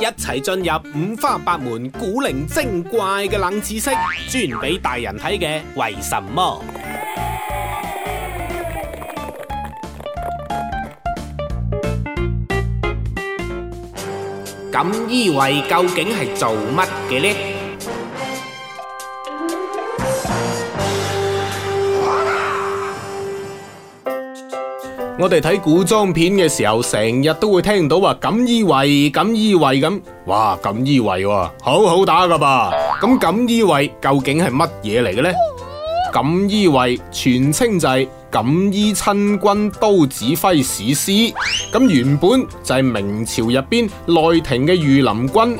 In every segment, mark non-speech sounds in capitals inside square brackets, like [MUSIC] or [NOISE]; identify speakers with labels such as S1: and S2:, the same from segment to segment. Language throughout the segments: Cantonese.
S1: 一齊進入五花八門古靈精怪嘅冷知識，專俾大人睇嘅，為什麼錦衣衛究竟係做乜嘅呢？我哋睇古裝片嘅時候，成日都會聽到話錦衣衛，錦衣衛咁，哇，錦衣衛喎，好好打噶吧？咁錦衣衛究竟係乜嘢嚟嘅呢？ [LAUGHS] 衛「錦衣衛全稱就係錦衣親軍都指揮使司，咁原本就係明朝入邊內廷嘅御林軍，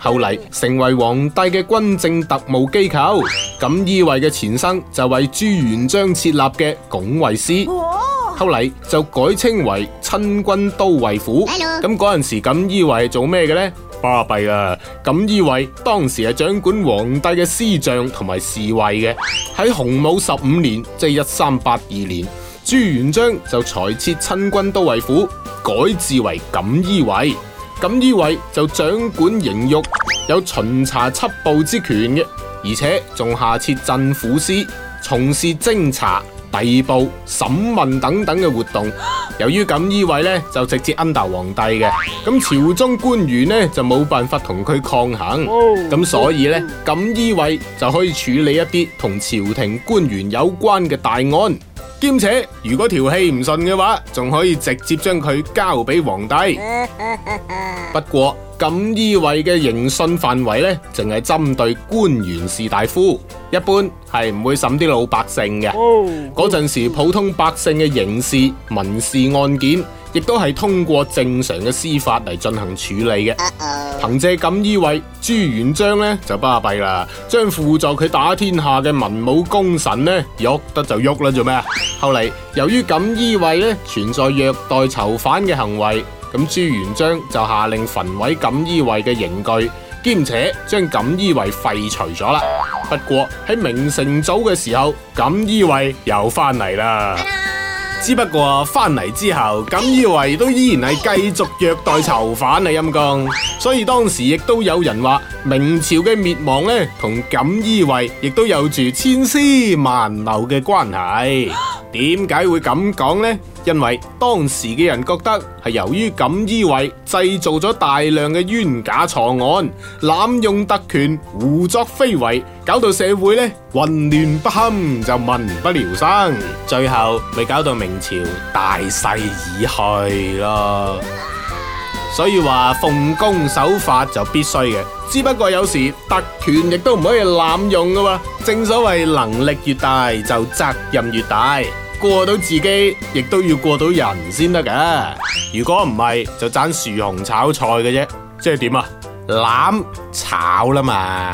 S1: 後嚟成為皇帝嘅軍政特務機構。錦衣衛嘅前身就為朱元璋設立嘅拱衛司。後嚟就改稱為親軍都尉府，咁嗰陣時錦衣衛係做咩嘅呢？巴閉啦！錦衣衛當時係掌管皇帝嘅司將同埋侍衛嘅，喺洪武十五年，即係一三八二年，朱元璋就裁撤親軍都尉府，改制為錦衣衛。錦衣衛就掌管刑獄，有巡查緝捕之權嘅，而且仲下設鎮撫司，從事偵查。逮捕、審問等等嘅活動，由於錦衣衛呢就直接 under 皇帝嘅，咁朝中官員呢就冇辦法同佢抗衡，咁、oh, oh. 所以呢，錦衣衛就可以處理一啲同朝廷官員有關嘅大案，兼且如果條氣唔順嘅話，仲可以直接將佢交俾皇帝。 [LAUGHS] 不過。錦衣衛嘅刑訊範圍呢，淨係針對官員士大夫，一般係唔會審啲老百姓嘅。嗰陣、oh, oh. 時，普通百姓嘅刑事、民事案件，亦都係通過正常嘅司法嚟進行處理嘅。憑、uh oh. 借錦衣衛，朱元璋呢就巴閉啦，將輔助佢打天下嘅文武功臣呢喐得就喐啦，做咩啊？後嚟由於錦衣衛呢存在虐待囚犯嘅行為。咁朱元璋就下令焚毀錦衣衛嘅刑具，兼且將錦衣衛廢除咗啦。不過喺明成祖嘅時候，錦衣衛又翻嚟啦。啊、只不過翻嚟之後，錦衣衛都依然係繼續虐待囚犯啊！陰功，所以當時亦都有人話明朝嘅滅亡呢，同錦衣衛亦都有住千絲萬縷嘅關係。點解會咁講呢？因為當時嘅人覺得係由於錦衣衛製造咗大量嘅冤假錯案，濫用特權，胡作非為，搞到社會呢混亂不堪，就民不聊生，最後咪搞到明朝大勢已去咯。所以話奉公守法就必須嘅，只不過有時特權亦都唔可以濫用噶。正所謂能力越大，就責任越大。過到自己，亦都要過到人先得㗎。如果唔係，就盞薯蓉炒菜嘅啫，即係點啊？攬炒啦嘛。